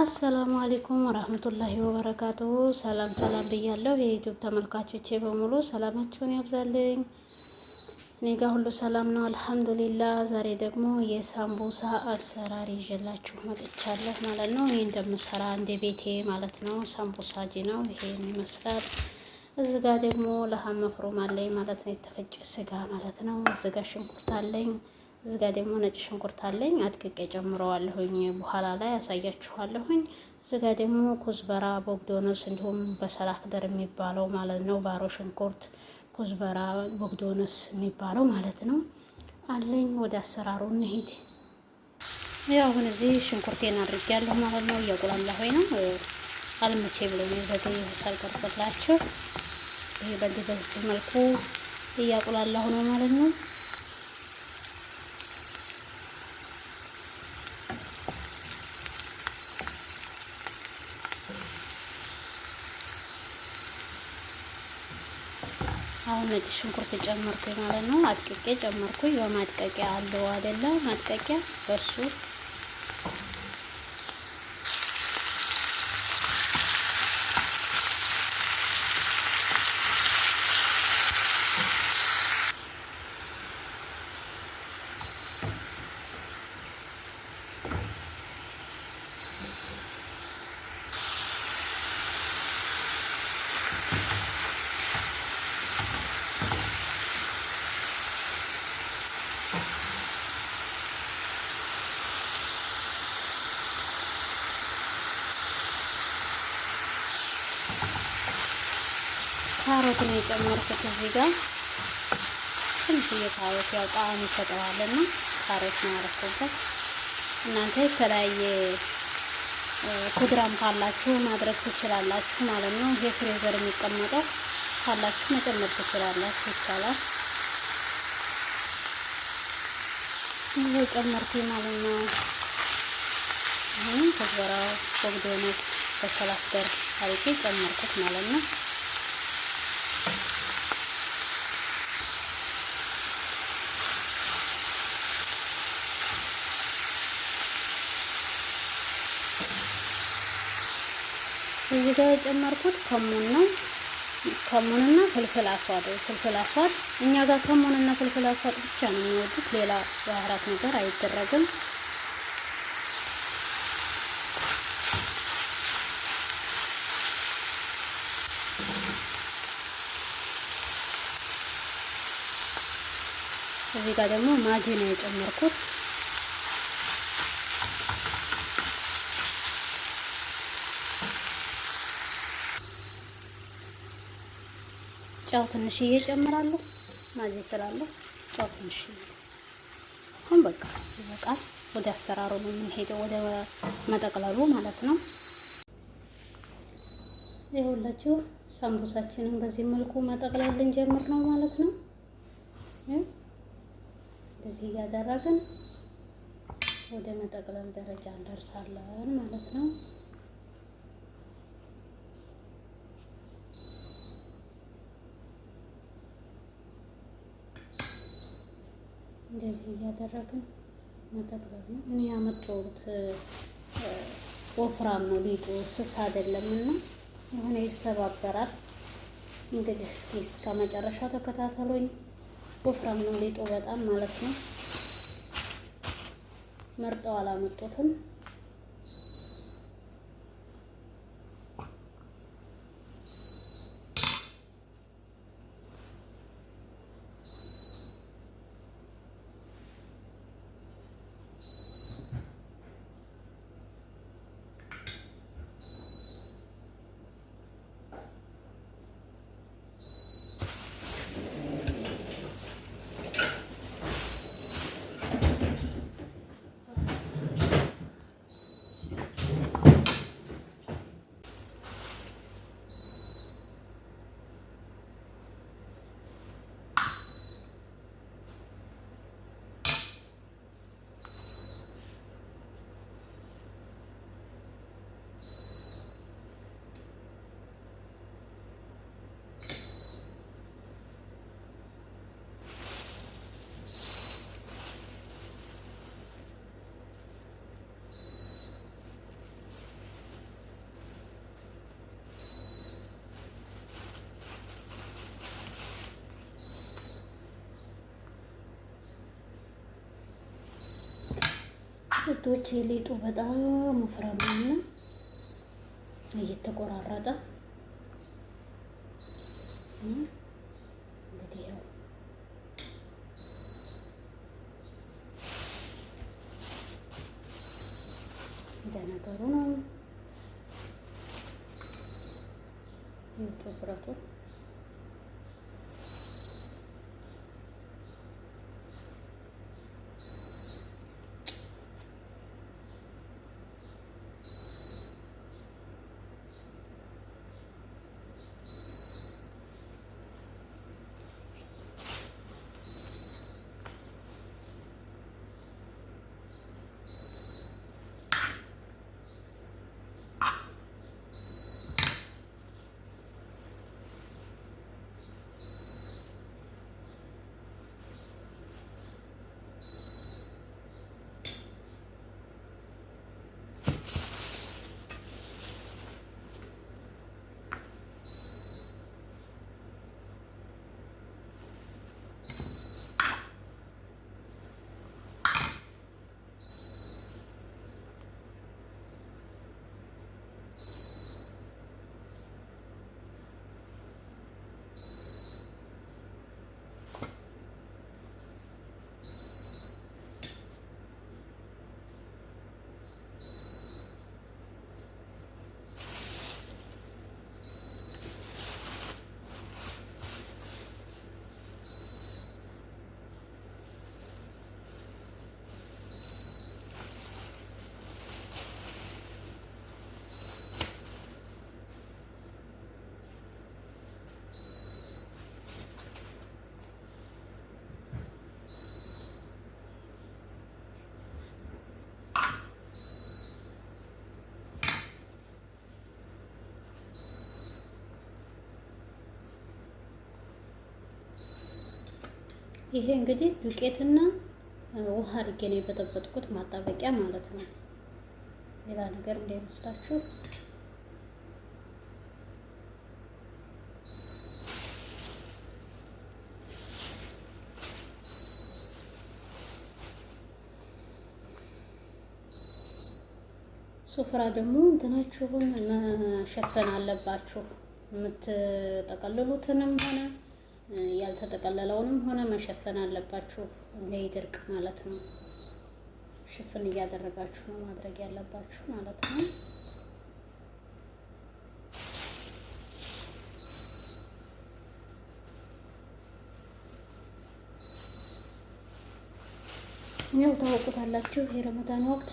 አሰላሙ አሌይኩም ወራህመቱላሂ ወበረካቱ። ሰላም ሰላም ብያለሁ የዩቲዩብ ተመልካቾቼ በሙሉ ሰላማችሁን ያብዛልኝ። እኔ ጋ ሁሉ ሰላም ነው አልሐምዱሊላ። ዛሬ ደግሞ የሳምቡሳ አሰራር ይዤላችሁ መጥቻለሁ ማለት ነው። ይህ እንደምሰራ እንደ ቤቴ ማለት ነው። ሳምቡሳ ጂ ነው ይሄን ይመስላል። እዚህ ጋር ደግሞ ለሀም አለኝ ማለት ነው። የተፈጨ ስጋ ማለት ነው። እዚህ ጋር ሽንኩርት አለኝ እዚህ ጋር ደግሞ ነጭ ሽንኩርት አለኝ አድቅቄ ጨምረዋለሁኝ። በኋላ ላይ ያሳያችኋለሁኝ። እዚህ ጋር ደግሞ ኩዝበራ፣ ቦግዶነስ እንዲሁም በሰላክደር የሚባለው ማለት ነው። ባሮ ሽንኩርት፣ ኩዝበራ፣ ቦግዶነስ የሚባለው ማለት ነው አለኝ። ወደ አሰራሩ እንሂድ። ያው አሁን እዚህ ሽንኩርቴን አድርጌያለሁ ማለት ነው። እያቁላላሁኝ ነው። አልመቼ ብሎኝ የዘገየሁ ሳልቀርጽላችሁ ይሄ በዚህ በዚህ መልኩ እያቁላላሁ ነው ማለት ነው። ነጭ ሽንኩርት ጨመርኩኝ ማለት ነው። አድቅቄ ጨመርኩኝ። በማድቀቂያ አለው አይደለ? ማድቀቂያ በሱ ካሮት ነው የጨመርኩት እዚህ ጋር ትንሽ ካሮት ያው ጣዕም ይፈጥራልና ካሮት ነው ያረኩበት። እናንተ የተለያየ ፕሮግራም ካላችሁ ማድረግ ትችላላችሁ ማለት ነው። ይሄ ፍሬዘር የሚቀመጠው ካላችሁ መጨመር ትችላላችሁ፣ ይቻላል። ይሄ ጨመርኩኝ ማለት ነው። ይህም ተዝበራው ወግዶኖች በሰላስ ደር ጨመርኩት ማለት ነው። እዚህ ጋር የጨመርኩት ከሙን ነው። ከሙንና ፍልፍል አስዋድ ፍልፍል አስዋድ እኛ ጋር ከሙንና ፍልፍል አስዋድ ብቻ ነው የሚወዱት። ሌላ ባህራት ነገር አይደረግም። እዚህ ጋር ደግሞ ማጂ ነው የጨመርኩት። ጫው ትንሽ እጨምራለሁ። ማዚ ስላለሁ ጫው ትንሽ አሁን በቃ ይበቃል። ወደ አሰራሩ ነው የምንሄደው፣ ወደ መጠቅለሉ ማለት ነው። ይኸውላችሁ ሳምቡሳችንን በዚህ መልኩ መጠቅለል ልንጀምር ነው ማለት ነው። እንደዚህ እያደረግን ወደ መጠቅለል ደረጃ እንደርሳለን ማለት ነው። እንደዚህ እያደረግን መጠቅለል ነው። እኔ ያመጣሁት ወፍራም ነው ሊጡ ስስ አይደለም እና የሆነ ይሰባበራል። እንግዲህ እስኪ እስከ መጨረሻው ተከታተሉኝ። ወፍራም ነው ሊጡ በጣም ማለት ነው። መርጠው አላመጡትም። ውዶች ሊጡ በጣም ወፍራም ነው፣ እየተቆራረጠ እንግዲህ ያው እንደነገሩ ነው የወጡ ብረቱ ይሄ እንግዲህ ዱቄትና ውሃ አድርጌ ነው የበጠበጥኩት፣ ማጣበቂያ ማለት ነው። ሌላ ነገር እንዳይመስላችሁ። ሱፍራ ደግሞ እንትናችሁን መሸፈን አለባችሁ፣ የምትጠቀልሉትንም ሆነ ያልተጠቀለለውንም ሆነ መሸፈን አለባችሁ እንዳይደርቅ ማለት ነው። ሽፍን እያደረጋችሁ ነው ማድረግ ያለባችሁ ማለት ነው። ያው ታወቁታላችሁ የረመዳን ወቅት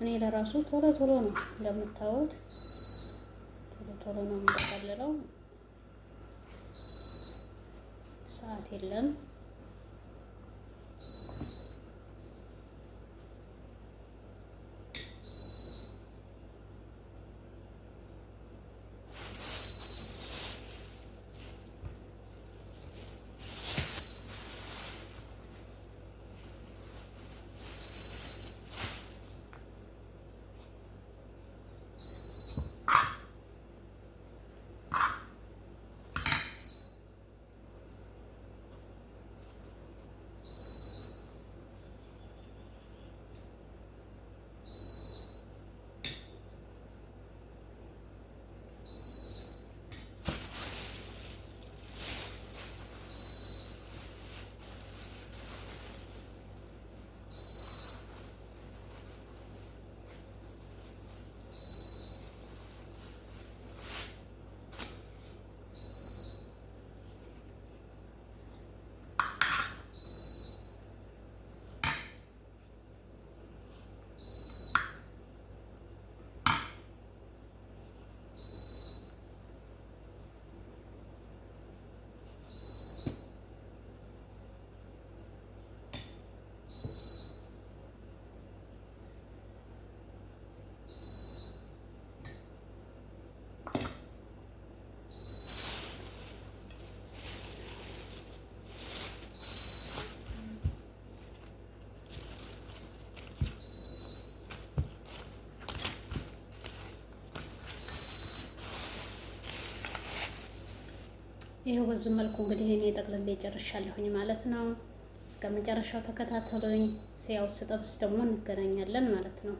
እኔ ለራሱ ቶሎ ቶሎ ነው እንደምታወት ቶሎ ቶሎ ነው የምጠቀልለው። የለም ይኸው በዙ መልኩ እንግዲህ እኔ ጠቅልዬ ጨርሻለሁኝ ማለት ነው። እስከ መጨረሻው ተከታተሉኝ። ሲያው ስጠብስ ደግሞ እንገናኛለን ማለት ነው።